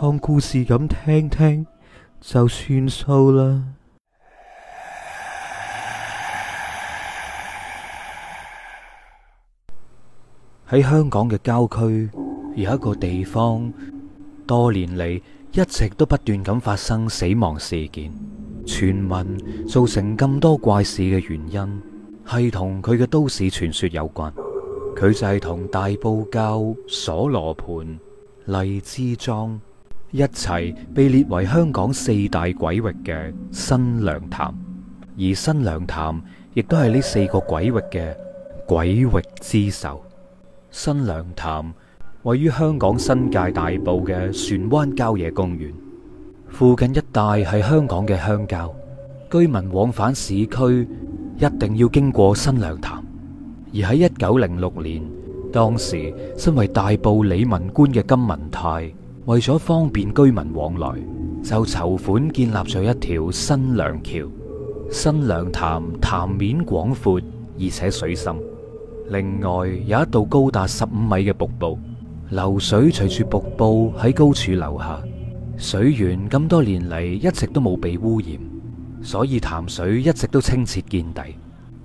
當故事咁聽聽就算數啦。喺 香港嘅郊區有一個地方，多年嚟一直都不斷咁發生死亡事件。傳聞造成咁多怪事嘅原因係同佢嘅都市傳說有關。佢就係同大埔滘、鎖羅盤、荔枝莊一齊被列為香港四大鬼域嘅新娘潭，而新娘潭亦都係呢四個鬼域嘅鬼域之首。新娘潭位於香港新界大埔嘅船灣郊野公園，附近一帶係香港嘅鄉郊，居民往返市區一定要經過新娘潭。而喺一九零六年，當時身為大埔理民官嘅金文泰。為咗方便居民往來，就籌款建立咗一條新娘橋。新娘潭潭面廣闊，而且水深。另外有一道高達十五米嘅瀑布，流水隨住瀑布喺高處流下。水源咁多年嚟一直都冇被污染，所以潭水一直都清澈見底。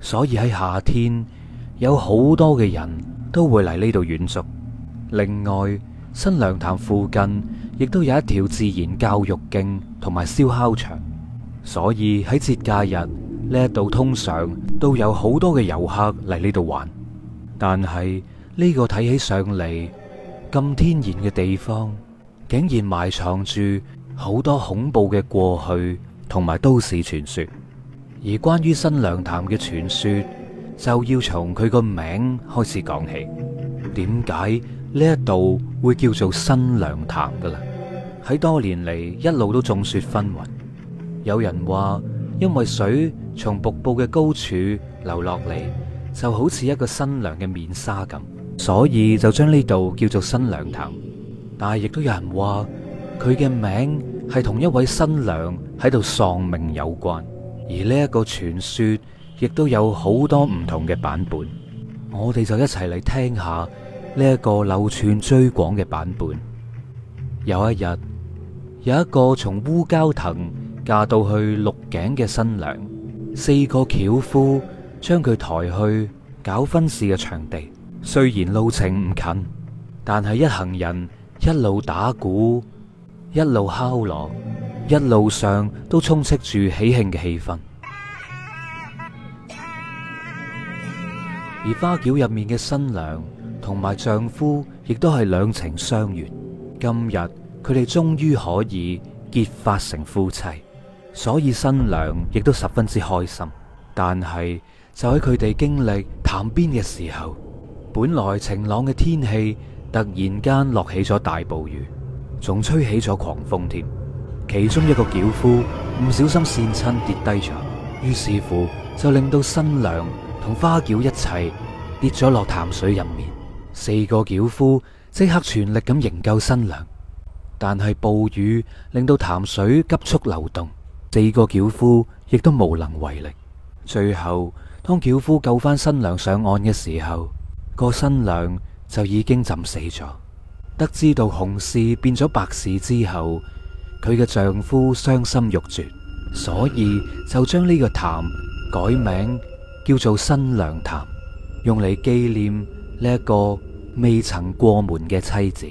所以喺夏天，有好多嘅人都會嚟呢度遠足。另外，新娘潭附近亦都有一條自然教育徑同埋燒烤場，所以喺節假日呢一度通常都有好多嘅遊客嚟呢度玩。但係呢個睇起上嚟咁天然嘅地方，竟然埋藏住好多恐怖嘅過去同埋都市傳說。而關於新娘潭嘅傳說，就要從佢個名開始講起。點解？呢一度會叫做新娘潭噶啦，喺多年嚟一路都眾說紛紜。有人話，因為水從瀑布嘅高處流落嚟，就好似一個新娘嘅面紗咁，所以就將呢度叫做新娘潭。但係亦都有人話佢嘅名係同一位新娘喺度喪命有關，而呢一個傳說亦都有好多唔同嘅版本。我哋就一齊嚟聽下。呢一個流傳最廣嘅版本，有一日有一個從烏蛟騰嫁到去鹿頸嘅新娘，四個轎夫將佢抬去搞婚事嘅場地。雖然路程唔近，但係一行人一路打鼓，一路敲鑼，一路上都充斥住喜慶嘅氣氛。而花轎入面嘅新娘，同埋丈夫亦都係兩情相悅，今日佢哋終於可以結髮成夫妻，所以新娘亦都十分之開心。但係就喺佢哋經歷潭邊嘅時候，本來晴朗嘅天氣突然間落起咗大暴雨，仲吹起咗狂風添。其中一個轎夫唔小心跣親跌低咗，於是乎就令到新娘同花轎一齊跌咗落潭水入面。四個轎夫即刻全力咁營救新娘，但係暴雨令到潭水急速流動，四個轎夫亦都無能為力。最後，當轎夫救翻新娘上岸嘅時候，個新娘就已經浸死咗。得知到紅事變咗白事之後，佢嘅丈夫傷心欲絕，所以就將呢個潭改名叫做新娘潭，用嚟紀念。呢一個未曾過門嘅妻子，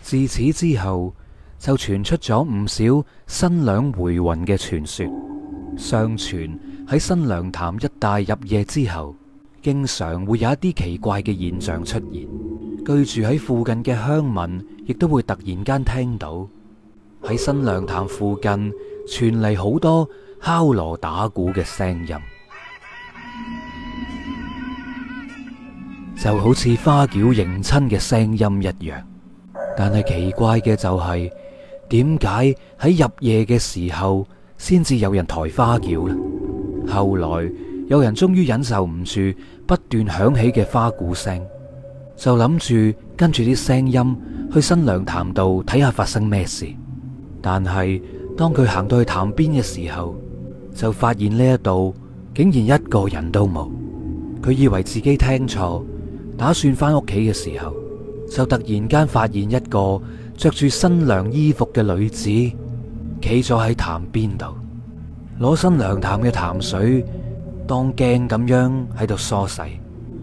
自此之後就傳出咗唔少新娘回魂嘅傳說。相傳喺新娘潭一帶入夜之後，經常會有一啲奇怪嘅現象出現，居住喺附近嘅鄉民亦都會突然間聽到喺新娘潭附近傳嚟好多敲鑼打鼓嘅聲音。就好似花轎迎親嘅聲音一樣，但係奇怪嘅就係點解喺入夜嘅時候先至有人抬花轎呢？後來有人終於忍受唔住不斷響起嘅花鼓聲，就諗住跟住啲聲音去新娘潭度睇下發生咩事。但係當佢行到去潭邊嘅時候，就發現呢一度竟然一個人都冇。佢以為自己聽錯。打算翻屋企嘅時候，就突然間發現一個着住新娘衣服嘅女子，企咗喺潭邊度，攞新娘潭嘅潭水當鏡咁樣喺度梳洗。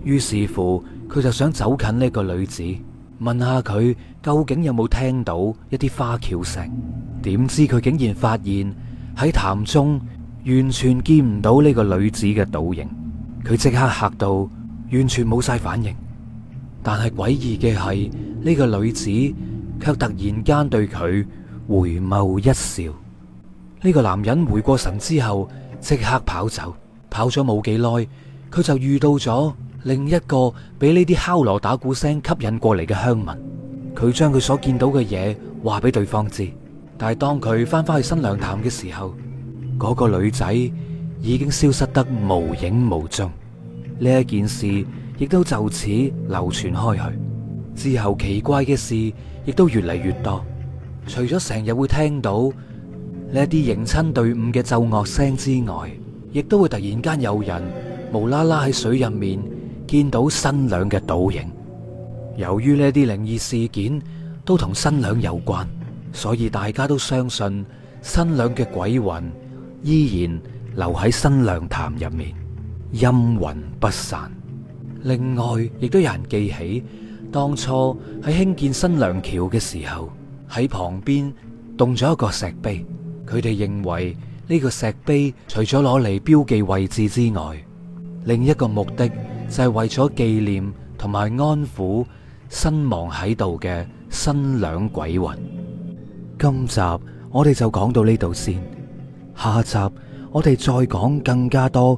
於是乎，佢就想走近呢個女子，問下佢究竟有冇聽到一啲花轎聲。點知佢竟然發現喺潭中完全見唔到呢個女子嘅倒影，佢即刻吓到。完全冇晒反應，但係詭異嘅係呢個女子卻突然間對佢回眸一笑。呢個男人回過神之後，即刻跑走。跑咗冇幾耐，佢就遇到咗另一個俾呢啲敲鑼打鼓聲吸引過嚟嘅鄉民。佢將佢所見到嘅嘢話俾對方知，但係當佢翻返去新娘潭嘅時候，嗰個女仔已經消失得無影無蹤。呢一件事亦都就此流傳開去，之後奇怪嘅事亦都越嚟越多。除咗成日會聽到呢啲迎親隊伍嘅奏樂聲之外，亦都會突然間有人無啦啦喺水入面見到新娘嘅倒影。由於呢啲靈異事件都同新娘有關，所以大家都相信新娘嘅鬼魂依然留喺新娘潭入面。陰魂不散。另外，亦都有人記起當初喺興建新娘橋嘅時候，喺旁邊動咗一個石碑。佢哋認為呢個石碑除咗攞嚟標記位置之外，另一個目的就係為咗紀念同埋安撫身亡喺度嘅新娘鬼魂。今集我哋就講到呢度先，下集我哋再講更加多。